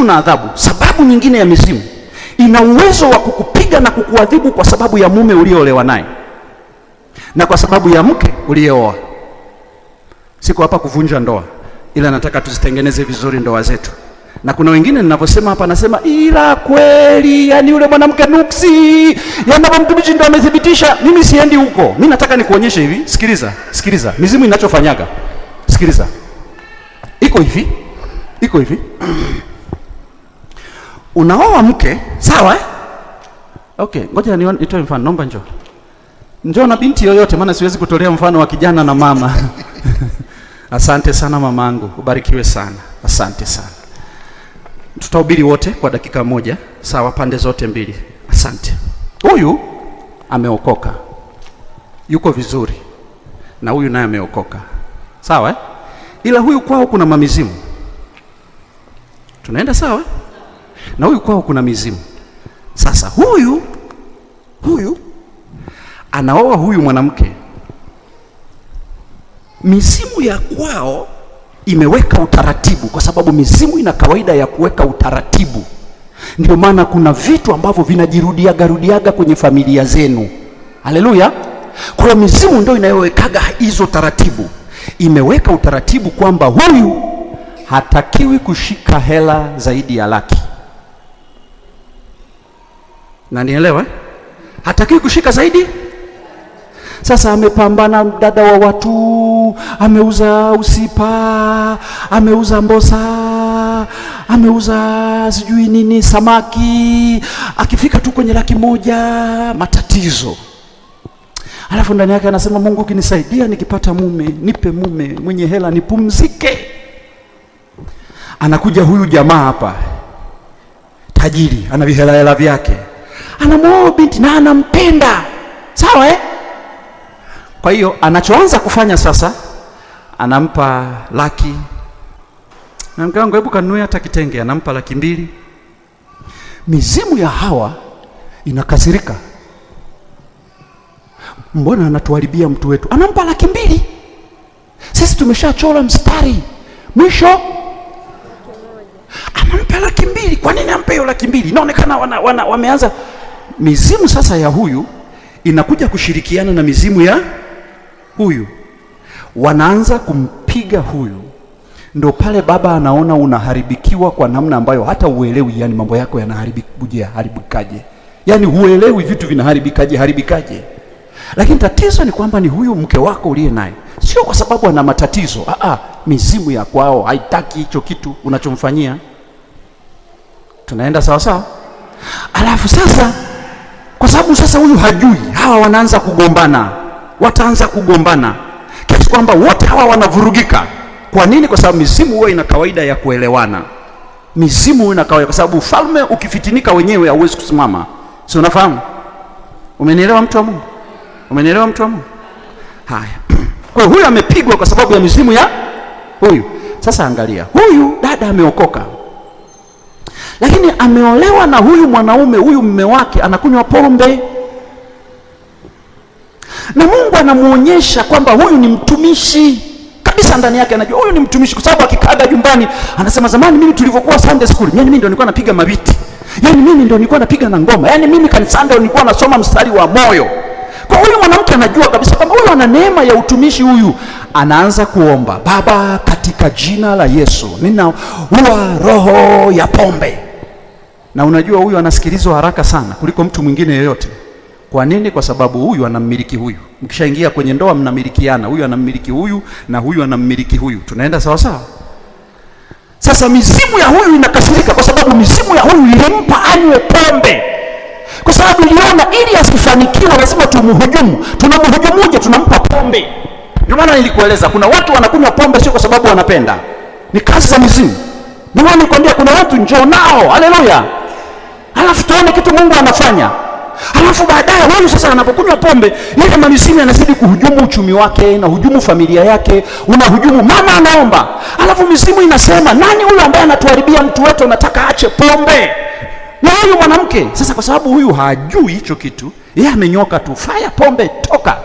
na adhabu. Sababu nyingine ya mizimu ina uwezo wa kukupiga na kukuadhibu kwa sababu ya mume uliyeolewa naye na kwa sababu ya mke uliyeoa. Siko hapa kuvunja ndoa, ila nataka tuzitengeneze vizuri ndoa zetu. Na kuna wengine ninavyosema hapa, nasema ila kweli, yani yule mwanamke nuksi, yani baba mtumishi ndo amethibitisha. Mimi siendi huko, mimi nataka nikuonyeshe hivi. Sikiliza, sikiliza mizimu inachofanyaga, sikiliza. Iko hivi, iko hivi unaoa mke sawa eh? Okay, ngoja nitoe mfano, naomba njoo njoo na binti yoyote, maana siwezi kutolea mfano wa kijana na mama asante sana mamangu, ubarikiwe sana, asante sana. Tutahubiri wote kwa dakika moja, sawa, pande zote mbili. Asante. Huyu ameokoka yuko vizuri, na huyu naye ameokoka sawa eh? Ila huyu kwao kuna mamizimu, tunaenda sawa eh? na huyu kwao kuna mizimu. Sasa huyu huyu anaoa huyu mwanamke, mizimu ya kwao imeweka utaratibu, kwa sababu mizimu ina kawaida ya kuweka utaratibu. Ndio maana kuna vitu ambavyo vinajirudiaga rudiaga kwenye familia zenu. Haleluya! Kwa hiyo mizimu ndio inayowekaga hizo taratibu. Imeweka utaratibu kwamba huyu hatakiwi kushika hela zaidi ya laki nanielewa hataki kushika zaidi. Sasa amepambana mdada wa watu, ameuza usipa, ameuza mbosa, ameuza sijui nini, samaki, akifika tu kwenye laki moja matatizo. Alafu ndani yake anasema, Mungu ukinisaidia, nikipata mume, nipe mume mwenye hela, nipumzike. Anakuja huyu jamaa hapa, tajiri, ana vihela vyake anamwoa binti na anampenda sawa eh? Kwa hiyo anachoanza kufanya sasa, anampa laki na mke wangu, hebu kanunue hata kitenge, anampa laki mbili. Mizimu ya Hawa inakasirika, mbona anatuharibia mtu wetu? Anampa laki mbili, sisi tumeshachora mstari mwisho anampa laki mbili. Kwa nini ampe hiyo laki mbili? Inaonekana wana, wana, wameanza mizimu sasa ya huyu inakuja kushirikiana na mizimu ya huyu, wanaanza kumpiga huyu. Ndo pale baba anaona unaharibikiwa kwa namna ambayo hata uelewi, yani mambo yako yanaharibikaje haribikaje, yani huelewi vitu vinaharibikaje haribikaje. Lakini tatizo ni kwamba ni huyu mke wako uliye naye, sio kwa sababu ana matatizo aa, mizimu ya kwao haitaki hicho kitu unachomfanyia. Tunaenda sawa sawa, alafu sasa kwa sababu sasa huyu hajui, hawa wanaanza kugombana, wataanza kugombana kiasi kwamba wote hawa wanavurugika. Kwa nini? Kwa sababu mizimu huwa ina kawaida ya kuelewana. Mizimu ina kawaida, kwa sababu ufalme ukifitinika wenyewe hauwezi kusimama, si unafahamu? Umenielewa mtu wa Mungu? Umenielewa mtu wa Mungu? Haya, kwa huyu amepigwa kwa sababu ya mizimu ya huyu. Sasa angalia, huyu dada ameokoka lakini ameolewa na huyu mwanaume, huyu mme wake anakunywa pombe, na Mungu anamwonyesha kwamba huyu ni mtumishi kabisa ndani yake anajua huyu ni mtumishi, kwa sababu akikaga nyumbani anasema, zamani mimi tulivyokuwa Sunday school, yani mimi ndio nilikuwa napiga mabiti, yani mimi ndio nilikuwa napiga na ngoma, yani mimi kanisani ndio nilikuwa nasoma mstari wa moyo. Kwa huyu mwanamke anajua kabisa kwamba huyu ana neema ya utumishi. Huyu anaanza kuomba, Baba, katika jina la Yesu ninaua roho ya pombe na unajua huyu anasikilizwa haraka sana kuliko mtu mwingine yeyote. Kwa nini? Kwa sababu huyu anammiliki huyu. Mkishaingia kwenye ndoa, mnamilikiana, huyu anammiliki huyu na huyu anammiliki huyu. Tunaenda sawa sawa. Sasa mizimu ya huyu inakasirika, kwa sababu mizimu ya huyu ilimpa anywe pombe, kwa sababu iliona ili asifanikiwe lazima tumhujumu. Tunamhujumuje? Tunampa pombe. Ndio maana nilikueleza kuna watu wanakunywa pombe sio kwa sababu wanapenda, ni kazi za mizimu. Ndio maana nikwambia kuna watu njoo nao, haleluya ni kitu Mungu anafanya. alafu baadaye huyu sasa anapokunywa pombe ile malisini anazidi kuhujumu uchumi wake na hujumu familia yake, unahujumu mama anaomba. alafu misimu inasema nani huyu ambaye anatuharibia mtu wetu, anataka ache pombe? Na huyu mwanamke sasa, kwa sababu huyu hajui hicho kitu, yeye amenyoka tu, faya pombe, toka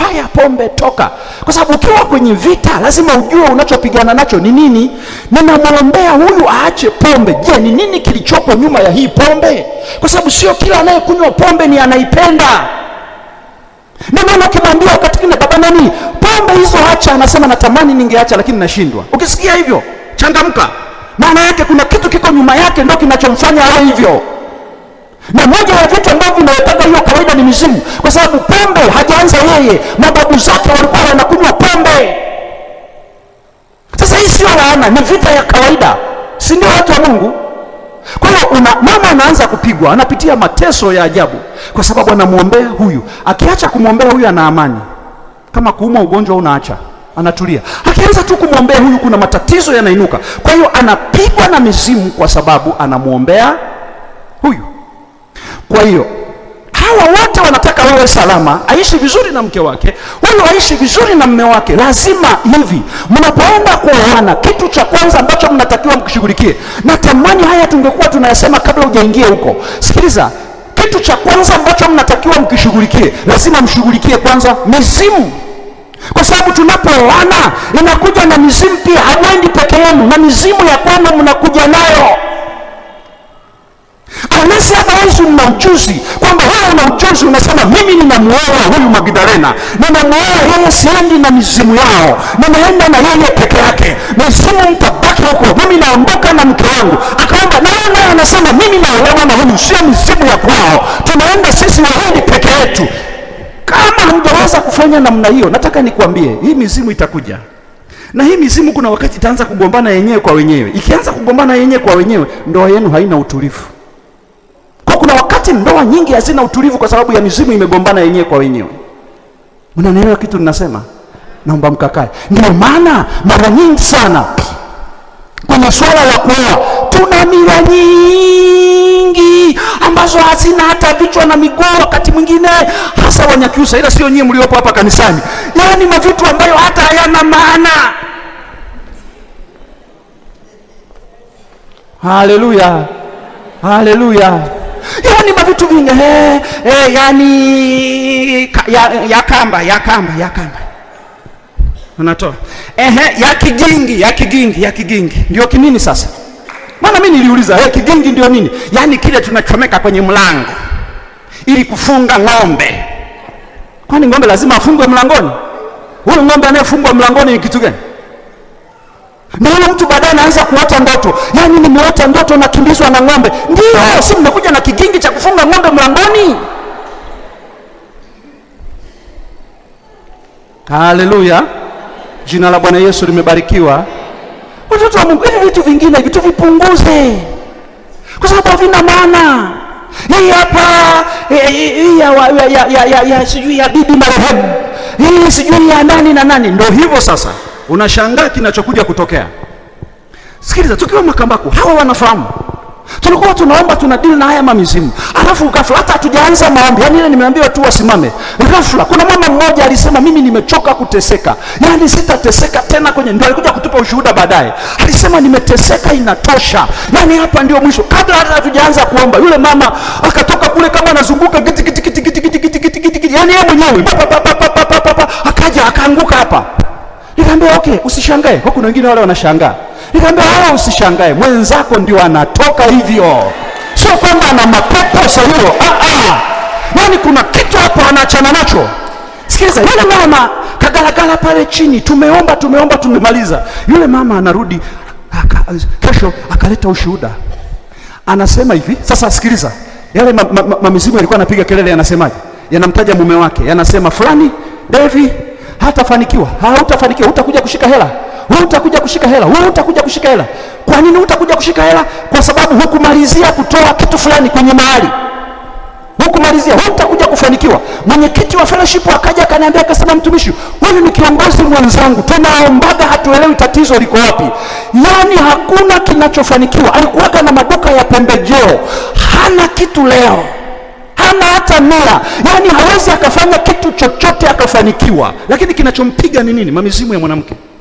fire pombe toka, kwa sababu ukiwa kwenye vita lazima ujue unachopigana nacho ni nini. ninamwombea huyu aache pombe. Je, ni nini kilichopo nyuma ya hii pombe? Kwa sababu sio kila anayekunywa pombe ni anaipenda. Ndio maana ukimwambia wakati kile baba nani, pombe hizo acha, anasema natamani ningeacha lakini nashindwa. Ukisikia hivyo, changamka, maana yake kuna kitu kiko nyuma yake, ndio kinachomfanya awe hivyo na moja ya vitu ambavyo vinawepega hiyo kawaida ni mizimu, kwa sababu pombe hajaanza yeye, mababu zake walikuwa wanakunywa pombe. Sasa hii sio laana, ni vita ya kawaida, si ndio, watu wa Mungu? Kwa hiyo una mama anaanza kupigwa, anapitia mateso ya ajabu kwa sababu anamwombea huyu. Akiacha kumwombea huyu, ana amani, kama kuumwa ugonjwa unaacha anatulia. Akianza tu kumwombea huyu, kuna matatizo yanainuka. Kwa hiyo anapigwa na mizimu kwa sababu anamwombea huyu. Kwa hiyo hawa wote wanataka wewe salama, aishi vizuri na mke wake, huyu aishi vizuri na mme wake. Lazima hivi, mnapoenda kuoana, kitu cha kwanza ambacho mnatakiwa mkishughulikie, natamani haya tungekuwa tunayasema kabla hujaingia huko. Sikiliza, kitu cha kwanza ambacho mnatakiwa mkishughulikie, lazima mshughulikie kwanza mizimu kwa sababu tunapooana inakuja na mizimu pia. Hamwendi peke yenu, na mizimu ya kwenu mnakuja nayo. Yesu hapa Yesu mnamchuzi kwamba wewe una unamchuzi, unasema mimi ninamuoa huyu Magdalena, nimemuoa yeye, siendi na mizimu yao, nimeenda na yeye peke yake, mizimu mtabaki huko, mimi naondoka na mke wangu. Akaomba na yeye naye anasema mimi naolewa na huyu, sio mizimu ya kwao, tunaenda sisi wawili peke yetu. Kama hamjaweza kufanya namna hiyo, nataka nikuambie hii mizimu itakuja na hii mizimu kuna wakati itaanza kugombana yenyewe kwa wenyewe. Ikianza kugombana yenyewe kwa wenyewe, ndoa yenu haina utulivu wakati ndoa nyingi hazina utulivu kwa sababu ya mizimu imegombana yenyewe kwa wenyewe. Unanielewa kitu ninasema? Naomba mkakae. Ndio maana mara nyingi sana kwenye swala la kuoa tuna mila nyingi ambazo hazina hata vichwa na miguu, wakati mwingine hasa Wanyakyusa, ila sio nyie mliopo hapa kanisani, yaani mavitu ambayo hata hayana maana. Haleluya, haleluya yani mavitu vingi eh, eh, yani ya, ya kamba ya kamba ya kamba unatoa eh, ya kigingi ya kigingi ya kigingi ndio kinini sasa? Maana mimi niliuliza eh, kigingi ndio nini? Yani kile tunachomeka kwenye mlango ili kufunga ng'ombe. Kwani ng'ombe lazima afungwe mlangoni? Huyu ng'ombe anayefungwa mlangoni ni kitu gani? Ndio mtu baadaye anaanza kuota ndoto, yaani nimeota ndoto nakimbizwa na ng'ombe. Ndio si mnakuja na kigingi cha kufunga ng'ombe mlangoni? Haleluya, jina la Bwana Yesu limebarikiwa. Watoto wa Mungu, hivi vitu vingine hivi tuvipunguze, kwa sababu havina maana. Hii hapa eh, eh, eh, ya sijui ya bibi marehemu, hii sijui ya nani na nani, ndio hivyo sasa unashangaa kinachokuja kutokea. Sikiliza, tukiwa Makambako hawa wanafahamu tulikuwa tunaomba tuna deal na haya mamizimu, alafu ghafla, hata hatujaanza maombi, yani ile nimeambiwa tu wasimame ghafla. Kuna mama mmoja alisema mimi nimechoka kuteseka, yani sitateseka tena kwenye, ndio alikuja kutupa ushuhuda baadaye, alisema nimeteseka, inatosha, yani hapa ndio mwisho. Kabla hata hatujaanza kuomba, yule mama akatoka kule kama anazunguka kiti kiti kiti kiti kiti kiti kiti, yani yeye mwenyewe akaja akaanguka hapa Nikamwambia okay, usishangae. Kwa kuna wengine wale wanashangaa. Nikamwambia wala usishangae, mwenzako ndio anatoka hivyo, sio kwamba ana mapepo hiyo. Ah ah, yaani kuna kitu hapo anaachana nacho. Sikiliza, yule mama kagalagala pale chini, tumeomba tumeomba, tumemaliza. Yule mama anarudi aka, kesho akaleta ushuhuda, anasema hivi sasa. Sikiliza, yale mamizimu ma, ma, ma, alikuwa anapiga kelele, anasemaje? Yanamtaja mume wake, yanasema fulani Devi hatafanikiwa, hautafanikiwa, hutakuja kushika hela, hutakuja kushika hela, hutakuja kushika hela. Kwa nini hutakuja kushika hela? Kwa sababu hukumalizia kutoa kitu fulani kwenye mahali, hukumalizia, hutakuja kufanikiwa. Mwenyekiti wa fellowship akaja akaniambia, akasema, mtumishi huyu ni kiongozi mwenzangu, tunaombaga hatuelewi tatizo liko wapi, yaani hakuna kinachofanikiwa. Alikuwaga na maduka ya pembejeo, hana kitu leo hana hata mia, yani hawezi akafanya kitu chochote akafanikiwa. Lakini kinachompiga ni nini? Mamizimu ya mwanamke.